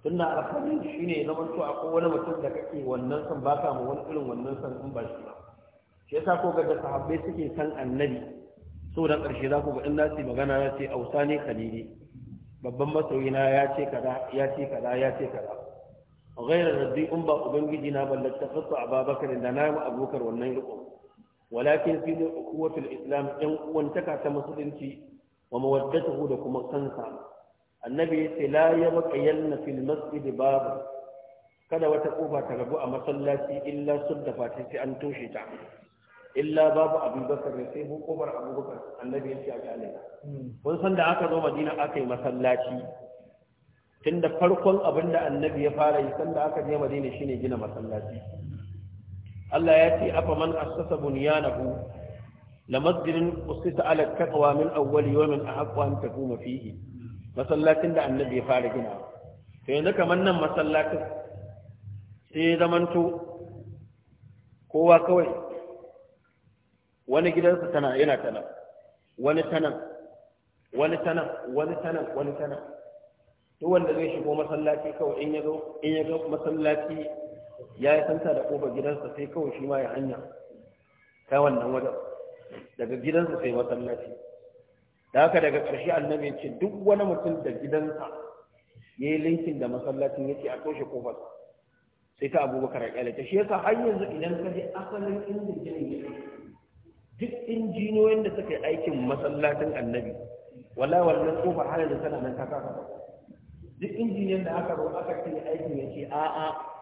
tunda alhamdulillah shine zaman to akwai wani mutum da kake wannan san ba ka mu wani irin wannan san in ba shi ba shi yasa ko ga sahabbai suke san annabi so da karshe za ku ga in nasi magana ya ce ausani kalili babban masoyi na ya ce kaza ya ce kaza ya ce kaza ghayra rabbi in ba ubangiji na ballata fasu ababakar da na mu abokar wannan riko walakin fi kuwatul islam yan uwantaka ta musulunci wa mawaddatuhu da kuma kansa annabi yace la yabqayanna fil masjid baba kada wata ƙofa ta rabu a masallaci illa sudda fati sai an toshe ta illa babu abubakar ne sai mun kofar abubakar annabi yace a gane hmm. kun san da aka zo madina aka yi masallaci tunda farkon abin da annabi ya fara yi san da aka je madina shine gina masallaci Allah ya ce afa man assasa bunyanahu la masjidin usisa ala taqwa min awwali yawmin ahqqu an takuma fihi masallacin da annabi ya fara gina to yanzu kamar nan masallacin sai zamanto kowa kawai wani gidansa tana yana tana wani tana wani tana wani tana wani tana duk wanda zai shigo masallaci kawai in ya zo in ya ga masallaci ya yi santa da ƙofar gidansa sai kawai shi ma ya hanya ta wannan wajen daga gidansa sai masallaci da haka daga ƙarshe annabi ya ce duk wani mutum da gidansa ya yi linkin da masallacin ya ce a toshe ƙofar sai ta abubakar a ƙyalata shi yasa har yanzu idan ka je asalin inda ginin ya duk injiniyoyin da suka yi aikin masallacin annabi wala wannan ƙofar har yanzu tana nan ta duk injiniyan da aka zo aka ce aikin ya ce a'a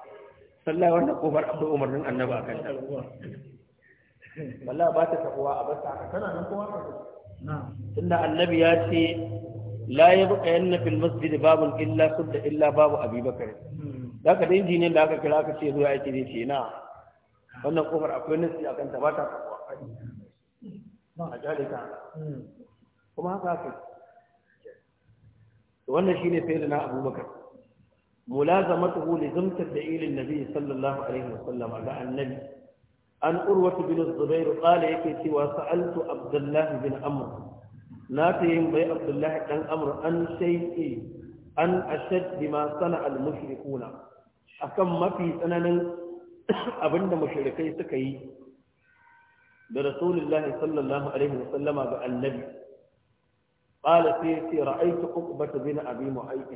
sallah wannan kofar akwai umarnin annabi akan kan wallahi ba ta tafuwa a bata haka tana nan kowa ka tunda annabi ya ce la yabqa yanna fil masjid babun illa sudda illa babu abubakar da hmm. ka da injiniyan da aka kira aka ce zuwa aiki zai ce na wannan kofar akwai nasi akan ta ba ta tafuwa a jalika hmm. kuma haka haka wannan shine sai na abubakar ملازمته لزمت فعيل النبي صلى الله عليه وسلم على النبي عن أروة بن الزبير قال يكيتي وسألت عبد الله بن أمر ناتهم بي عبد الله بن أمر أن شيء أن أشد بما صنع المشركون أكم ما في سنن أبن مشركي سكي برسول الله صلى الله عليه وسلم بأن النبي قال سيتي رأيت عقبة بن أبي معيط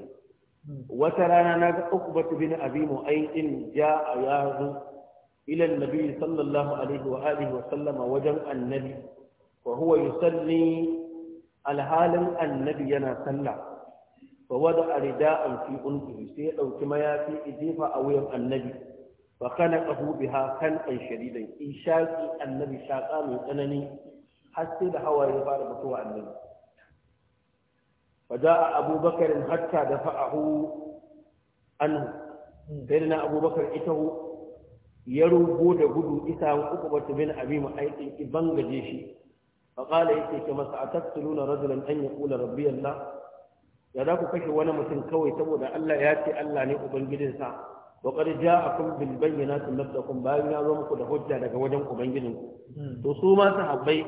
wata rana na ga ukbatu bin abi mu'ayyin ja'a ya zo ila annabi sallallahu alaihi wa alihi wa sallama wajen annabi wa huwa yusalli alhalin annabi yana sallah fa wada an fi unqihi sai ya dauki mayafi ijefa a wuyan annabi fa kana qahu biha kan kan shadidan in shaqi annabi shaqa mai tsanani har sai da hawaye ya fara fitowa annabi فجاء أبو بكر حتى دفعه عنه سيدنا أبو بكر إته يربو دغدو إسا عقبة بن أبي معيط إبن جيشي فقال إيتي كما أتقتلون رجلا أن يقول ربي الله يا ذاك كشي وانا متن كوي سبودا الله ياتي الله ني أبنجدنسا وقد جاءكم بالبينات من ربكم باينا زمكم da hujja daga wajen ubangijinku to su ma sahabbai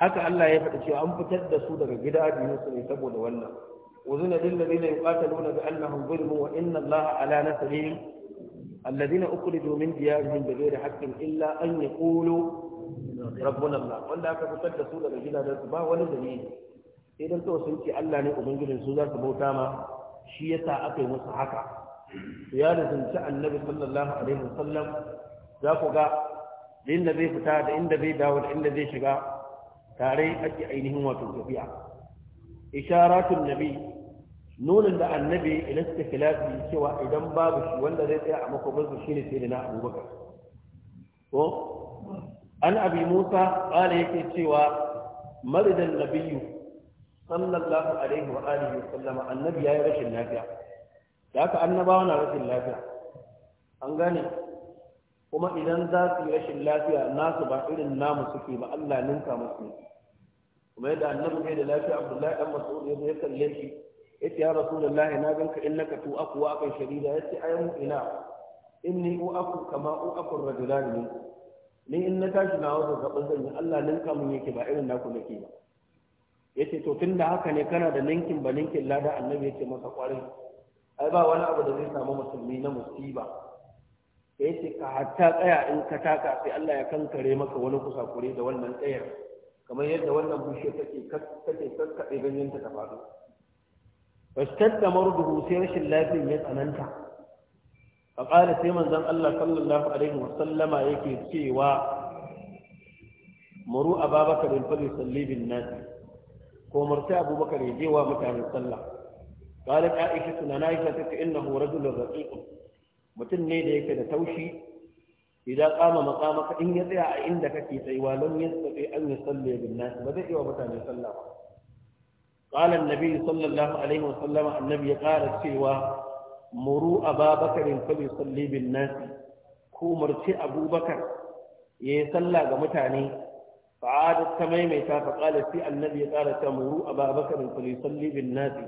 haka Allah ya faɗa cewa an fitar da su daga gida addinin su ne saboda wannan uzuna lil ladina yuqataluna bi annahum zulmun wa inna Allah ala nasrihim alladhina ukhriju min diyarihim bighayri haqqin illa an yaqulu rabbuna Allah wanda aka fitar da su daga gida gidajen su ba wani dalili sai dan to sun ce Allah ne ubangijin su za su bauta ma shi yasa aka yi musu haka ya lazunci annabi sallallahu alaihi wasallam za ku ga inda zai fita da inda zai dawo da inda zai shiga tare ake ainihin wato tafiya isharatun nabi nunin da annabi ila istiklafi cewa idan babu shi wanda zai tsaya a makobar su shine sai na abubakar ko an abi musa qala yake cewa maridan nabiyyu sallallahu alaihi wa alihi wa sallama annabi yayi rashin lafiya da haka annabawa na rashin lafiya an gane kuma idan za su yi rashin lafiya nasu ba irin namu suke ba Allah ninka musu kuma yadda annabi kai da lafiya abdullahi dan mas'ud ya ya kalle shi yace ya rasulullahi na ganka innaka tu aku wa akan shadida yace ayyu ila inni u aku kama u aku ni in na tashi na wasu gaban zan yi Allah ninka mun yake ba irin naku nake ba yace to tunda haka ne kana da ninkin ba ninkin lada annabi yace masa kwarai ai ba wani abu da zai samu musulmi na musiba yace ka hatta tsaya in ka taka sai Allah ya kankare maka wani kusakure da wannan tsayar kamar yadda wannan bushe take take kakkaɓe ganyen ta faɗo faɗo da marduhu sai rashin lafiyar ya tsananta a ƙara sai manzon Allah sallallahu alaihi wa sallama yake cewa muru ababakar bin fali salli bin nas ko marta abubakar ya je wa mutane sallah qalat aisha tana aisha take innahu rajulun raqiq mutum ne da yake da taushi idan kama makamaka in ya tsaya a inda kake tsayuwa lam yastati an yusalli bin nas ba zai iya mutane sallah ba قال النبي صلى الله عليه ya النبي cewa muru مروا أبا بكر فليصلي بالناس ku umarci abubakar ya yi sallah ga mutane fa'adar ta maimaita fa ƙalar sai annabi ya ƙara ta muru a babakar kuli salli bin nasi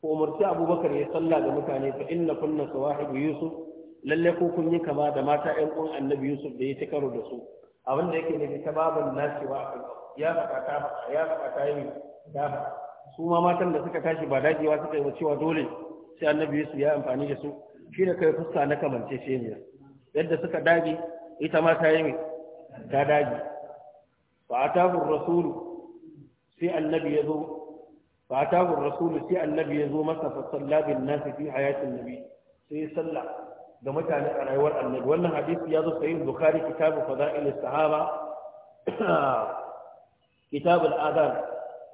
ku umarci abubakar ya yi sallah ga mutane fa inna kunna sawahibu yusuf lalle ko kun yi kama da mata ƴan uwan annabi yusuf da ya ci karo da su abin da yake nufi ta baban nacewa wa kan ya faɗa ta faɗa ya faɗa ta yi ta faɗa su ma matan da suka tashi ba dagewa suka yi wa cewa dole sai annabi yusuf ya amfani da su shi da kai fuska na kamance ne yadda suka dage ita ma ta yi ta dage fa atahu rasul sai annabi ya zo فأتاه الرسول سي النبي masa fa فصلى nasi fi hayatin nabi sai sallah ga mutane a rayuwar annabi wannan hadisi ya zo sahih bukhari kitabu fada'il sahaba kitab al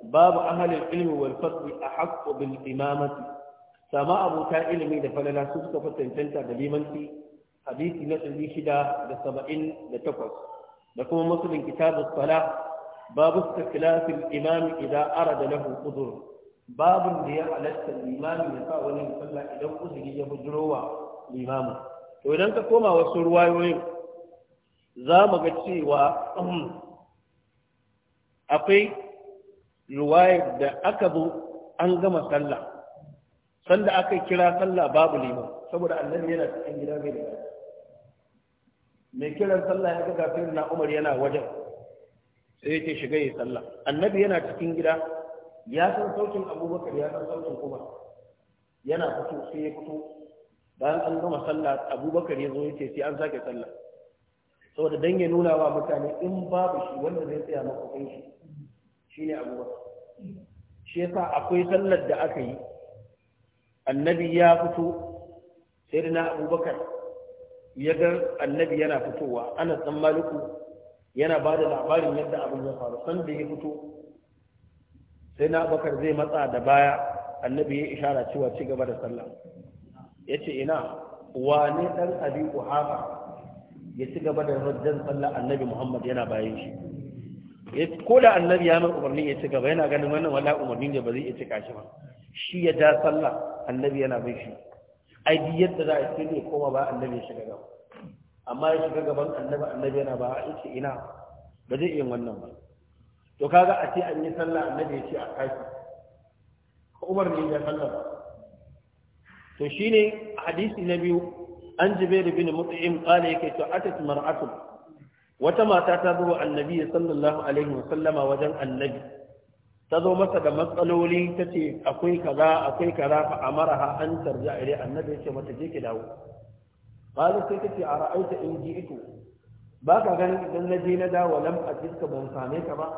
babu ahalin al-ilm wal fadl ahqqu bil imamati sama abuta ilimi da falala su suka fitantanta da limanci hadisi na shida, da da Da takwas. kuma muslim kitab as-salah babu istikhlaf al-imam ara da lahu udhur babun da ya halatta al-imam ya sa wani sallah idan uzuri ya bujurowa limama to idan ka koma wasu ruwayoyin za mu ga cewa um, akwai ruwayar da aka zo an gama sallah sanda aka kira sallah babu liman saboda annabi yana cikin gida mai da mai kiran sallah ya ga kafin na umar yana wajen sai yake shiga yi sallah annabi yana cikin gida ya san saukin abubakar ya san saukin umar yana fito sai ya fito bayan an gama sallah abubakar ya zo ya ce sai an sake sallah saboda dan ya nuna wa mutane in babu shi wanda zai tsaya maka kai shi shine abubakar shi yasa akwai sallar da aka yi annabi ya fito sai na abubakar ya ga annabi yana fitowa ana san maliku yana ba da labarin yadda abin ya faru san da ya fito sai na abubakar zai matsa da baya annabi ya ishara cewa ci gaba da sallah ya ce ina wane ɗan abi kuhafa ya ci gaba da rajjan sallah annabi muhammad yana bayan shi ko da annabi ya mai umarni ya ci gaba yana ganin wannan wala umarni da ba zai ci kashi ba shi ya ja sallah annabi yana bai shi aiki yadda za a ya koma ba annabi ya shiga gaba amma ya shiga gaban annabi annabi yana ba a ce ina ba zai iya wannan ba to kaga a ce an yi sallah annabi ya ce a kashi Ka umarni ya sallah ba to shine hadisi na biyu an jibril bin mut'im qala yake to atat mar'atu wata mata ta zo annabi sallallahu alaihi wa sallama wajen annabi ta zo masa da matsaloli ta ce akwai kaza akwai kaza fa amaraha an tarja ire annabi ya ce mata je ki dawo qala sai ta ce a ra'aita in ji ito. ba ka ganin idan na je na dawo lam ajiska ban same ka ba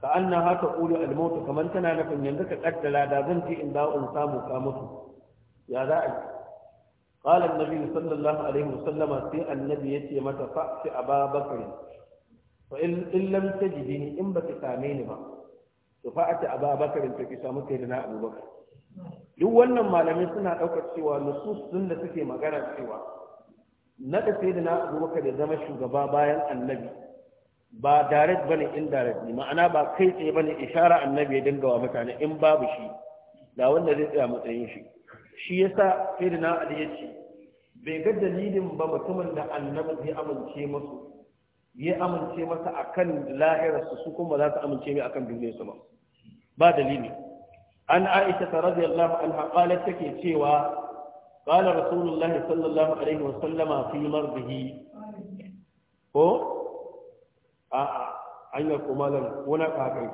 ka anna haka qulu al-maut tana nufin yanzu ka kaddara da zan je in dawo in samu ka mutu ya za a sai Annabi ya ce mata النبي a babakari fa in في النبي يتي متى فأت أبا بكر فإن لم تجدني إن بتساميني ما فأت أبا بكر فكسامك لنا أبو بكر duk wannan malamai suna ɗaukar cewa nusus sun da suke magana cewa na da sai da na abubakar da zama shugaba bayan annabi ba direct bane direct ne ma'ana ba kai tsaye bane ishara annabi ya dinga wa mutane in babu shi da wanda zai tsaya matsayin shi shi ya yasa firina ali ya ce bai ga dalilin ba mutumin da annabi ya amince masu ya amince masa akan lahirarsu su kuma za su amince mai akan duniyarsu ba ba dalili an aisha ta radiyallahu anha qalat take cewa qala rasulullah sallallahu alaihi wa sallama fi mardihi ko a an ya kuma lan kuna ka kai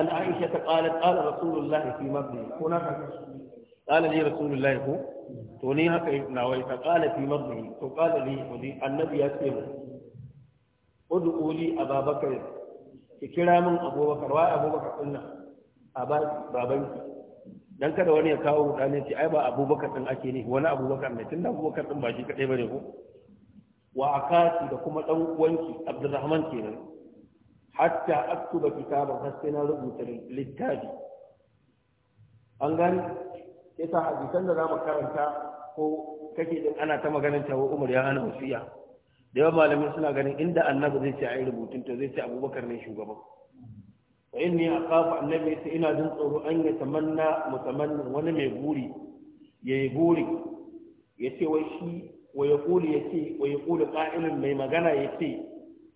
an aisha ta qalat qala rasulullah fi mardihi kuna ka قال لي رسول ko to ni haka na wai في مرضه fi لي to النبي لي ya ce mu من li بكر ki kira min abubakar wai abubakar aba babanki dan kada wani ya kawo mutane ce ai ba abubakar ɗin ake ne wani abubakar tun da abubakar ɗin ba shi ba ne ko wa kati da kuma ɗan uwanki abdurrahman kenan hatta aktuba kitaban har sai na rubuta littafi an yasa hadisan da zamu karanta ko kake din ana ta maganar wa Umar ya hana wasiya da yawa malamin suna ganin inda annabi zai ce a rubutun to zai ce abubakar ne shugaba wa inni aqafu annabi ta ina jin tsoro an ya tamanna mutamanni wani mai buri yayi buri yace wai shi ya kuli yace ya kuli qa'ilun mai magana yace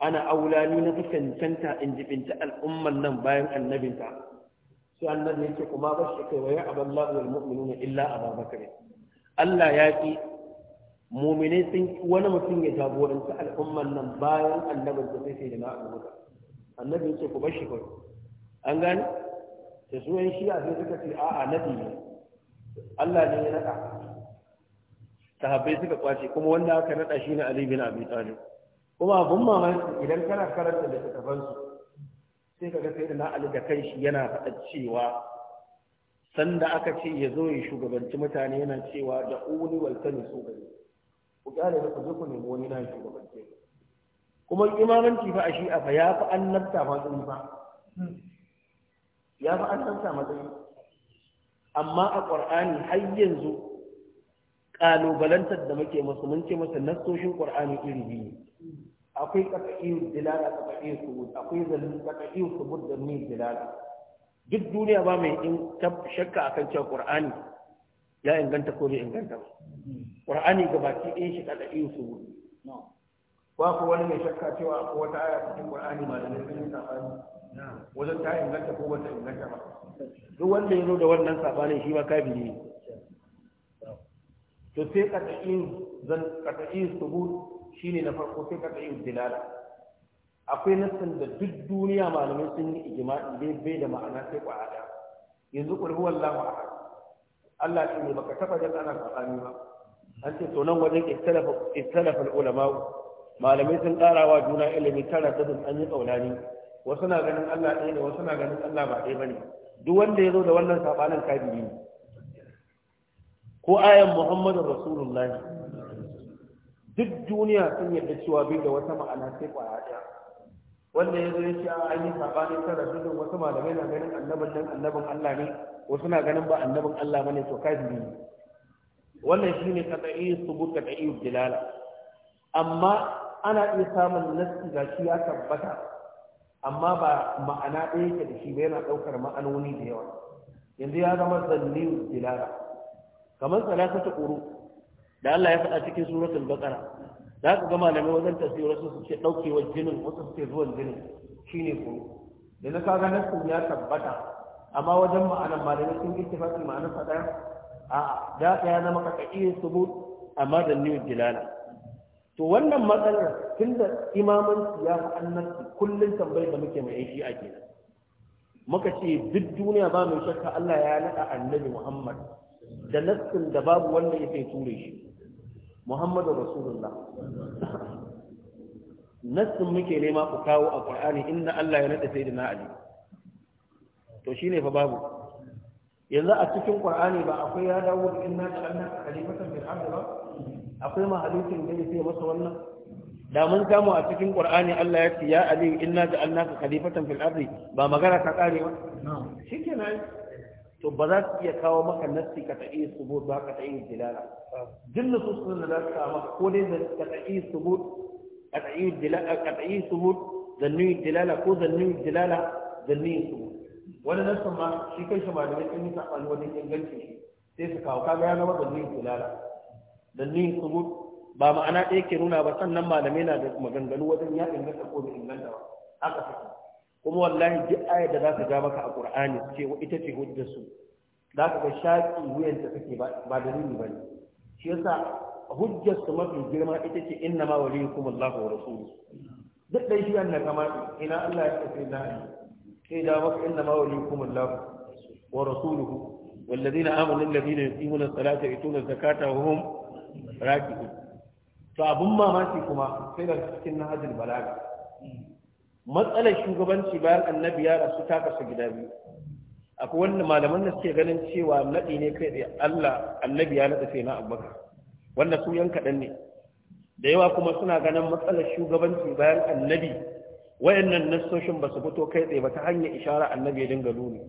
ana aulani na fi cancanta in jibinta al'umman nan bayan annabinta sai annabi ce kuma ba shi kai waya aballahu Muminu ne illa ababakar Allah ya ki mu'minai sun wani mutum ya jagoranci al'umman nan bayan annabin da sai sai da na'abuka annabi yake ku bar shi kai an gane da su yan shi'a sai suka ce a'a nabi ne Allah ne ya nada sahabbai suka kwace kuma wanda aka naɗa shi ne Ali bin Abi Talib kuma abun mamaki idan kana karanta da tafansu sai kaga sai na ali da kanshi yana faɗa cewa sanda aka ce ya zo ya shugabanci mutane yana cewa da uli wal tani su gari ku kyale da ku zuku nemi wani na shugabanci kuma imamanci fa a shi'a fa ya fi annabta matsayi ba ya fi annabta matsayi amma a qur'ani har yanzu ƙalubalantar da muke musu mun ce masa nassoshin qur'ani iri biyu akwai tsakaiyun dilala tsakaiyun subut akwai zalin tsakaiyun subut da min dilala duk duniya ba mai in shakka akan cewa qur'ani ya inganta ko bai inganta ba qur'ani ga baki ɗayan shi tsakaiyun subut ba ku wani mai shakka cewa ko wata aya cikin Qur'ani ma da nufin sabani wajen ta inganta ko wata inganta ba duk wanda ya zo da wannan sabanin shi ba kafiri ne to sai kada'in zan kada'in subut Shi ne na farko sai ka yin dilala akwai nassin da duk duniya malamai sun yi ijma'i dai bai da ma'ana sai kwa hada yanzu qul huwallahu ahad Allah shi ne baka taba jin ana tsakani ba an ce to nan wajen ittalafa ittalafa ulama malamai sun karawa juna ilimi tara da an yi kaulani wasu na ganin Allah ɗaya ne wasu na ganin Allah ba ɗaya bane duk wanda ya zo da wannan saɓanin kafiri ne ko ayan Muhammadu Rasulullahi duk duniya sun yadda cewa bai da wata ma'ana sai kwaya ɗaya wanda ya zo shi ce a an yi saɓani ta rasulun wasu malamai na ganin annabin nan annabin Allah ne wasu na ganin ba annabin Allah ne to kai ne wannan shine qat'i subut qat'i dilala amma ana iya samun nassi gashi ya tabbata amma ba ma'ana ɗaya yake da shi ba yana ɗaukar ma'anoni da yawa yanzu ya zama zalli dilala kamar ta quru da Allah ya faɗa cikin suratul baqara za ka ga malamai wajen tafsir su ce daukewar jinin wasu suke zuwan jinin shine ko da na kaga nasu ya tabbata amma wajen ma'anar malamai sun yi tafsir ma'anar faɗa a'a da ka ya zama kakaki subut amma da niyyar dilala to wannan matsalar tun da imamanci ya fi annabci kullum tambayar da muke mai shi a kenan muka ce duk duniya ba mai shakka Allah ya naɗa annabi Muhammad da nassin da babu wanda ya sai ture shi muhammadu rasulullah nassin muke nema ku kawo a qur'ani inna allah ya nada da ali to shine fa babu yanzu a cikin qur'ani ba akwai ya dawo da inna ta'anna kalimatan bil ba akwai mahalikin da yake masa wannan da mun samu a cikin qur'ani Allah ya ce ya ali inna ja'alnaka khalifatan fil ardi ba magana ta kare ba shikenan to ba za su iya kawo maka nassi ka ta'i subut ba ka ta'i dilala duk nususun da za su kawo maka ko dai ka ta'i subut ka ta'i dilala ka ta'i subut zanni dilala ko zanni dilala zanni subut wani nassin ma shi kai shi malamai sun yi sabani wajen inganci shi sai su kawo kaga ya zama zanni dilala zanni subut ba ma'ana ɗaya ke nuna ba sannan malamai na da maganganu wajen ya inganta ko bai inganta ba haka suke kuma wallahi duk ayar da za ka ja maka a ƙur'ani ce ita ce hujjar su za ka ga shaƙi wuyanta take ba da nuni ba ne shi yasa hujjar su mafi girma ita ce inna ma kuma Allah wa rasuluhu duk dai shi annabi kamata, ina Allah ya tafi na sai da maka inna ma kuma Allah wa rasuluhu والذين آمنوا الذين يقيمون الصلاة ويؤتون الزكاة وهم راكعون to abun mamaki kuma sai da cikin nahajul balaga matsalar shugabanci bayan annabi ya rasu ta kasu gida biyu akwai wanda malaman da suke ganin cewa naɗi ne kai tsaye Allah annabi ya naɗa sai na abubakar wanda su yan kaɗan ne da yawa kuma suna ganin matsalar shugabanci bayan annabi wayannan nassoshin ba su fito kai tsaye ba ta hanyar ishara annabi ya dinga nuni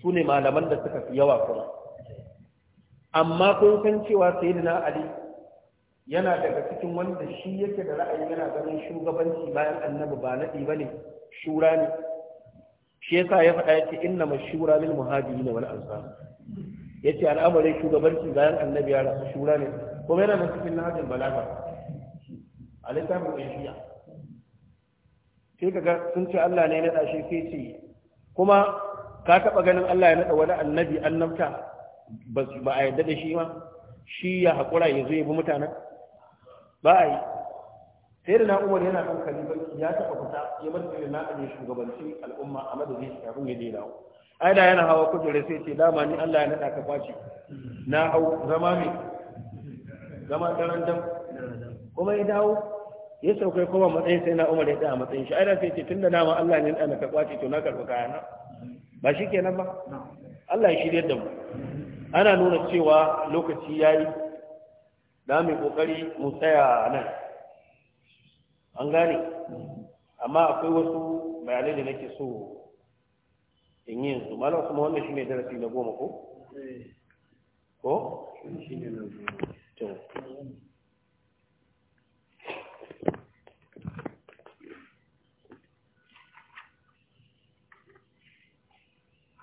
su ne malaman da suka fi yawa kuma amma kun san cewa sayyidina ali yana daga cikin wanda shi yake da ra'ayi yana ganin shugabanci bayan annabi ba naɗi ba ne shura ne shi yasa ya faɗa ya ce inna mashura lil muhajiri na wani ansar ya ce al'amarin shugabanci bayan annabi ya rasu shura ne kuma yana nan cikin nahajin balaga a littafin ɗanshiya sai kaga sun ce Allah ne ya naɗa shi sai ce kuma ka taɓa ganin Allah ya naɗa wani annabi annabta ba a yarda da shi ma shi ya haƙura ya zo ya bi mutanen ba a yi sai da na'umar yana kan kalibanci ya taɓa fita ya mutu da na ne shugabanci al'umma a madadin shi ya daina ai da yana hawa kujerar sai ce dama ni Allah ya naɗa ka kwaci na hau zama mai zama daren dam kuma ya dawo ya saukai kuma matsayin sai na umar ya tsaya matsayin shi ai da sai ce tun da nama Allah ya naɗa ka kwaci to na karɓi kayana ba shi kenan ba Allah ya shirya da mu ana nuna cewa lokaci yayi da mu kokari mu tsaya nan an gane amma akwai wasu bayanai da nake so in yi yanzu malam kuma wannan shine darasi na goma ko eh. ko shine na goma